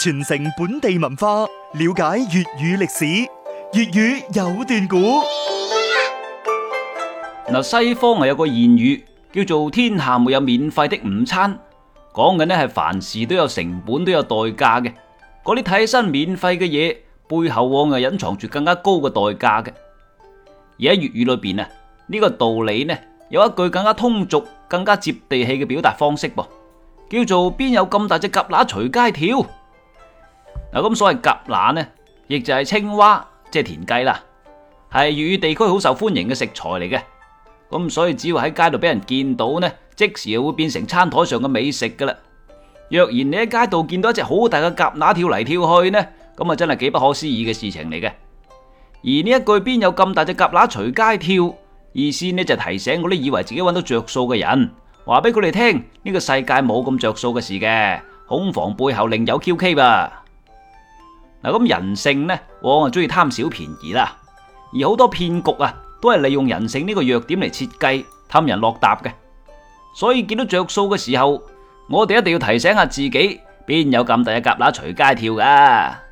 傳承本地文化，了解粵語歷史。粵語有段古嗱，西方啊有個諺語叫做“天下沒有免費的午餐”，講緊呢係凡事都有成本，都有代價嘅。嗰啲睇起身免費嘅嘢，背後往往隱藏住更加高嘅代價嘅。而喺粵語裏邊啊，呢個道理呢有一句更加通俗、更加接地氣嘅表達方式，噃叫做“邊有咁大隻蛤乸隨街跳”。嗱，咁所謂蛤乸呢，亦就係青蛙，即係田雞啦，係粵語地區好受歡迎嘅食材嚟嘅。咁所以只要喺街度俾人見到呢，即時就會變成餐台上嘅美食噶啦。若然你喺街度見到一隻好大嘅蛤乸跳嚟跳去呢，咁啊真係幾不可思議嘅事情嚟嘅。而呢一句邊有咁大隻蛤乸隨街跳，意思呢就提醒我啲以為自己揾到着數嘅人，話俾佢哋聽呢、這個世界冇咁着數嘅事嘅，恐防背後另有蹊蹺吧。嗱，咁人性呢，往往係中意貪小便宜啦，而好多騙局啊，都係利用人性呢個弱點嚟設計，貪人落搭嘅。所以見到着數嘅時候，我哋一定要提醒下自己，邊有咁大隻蛤乸隨街跳噶。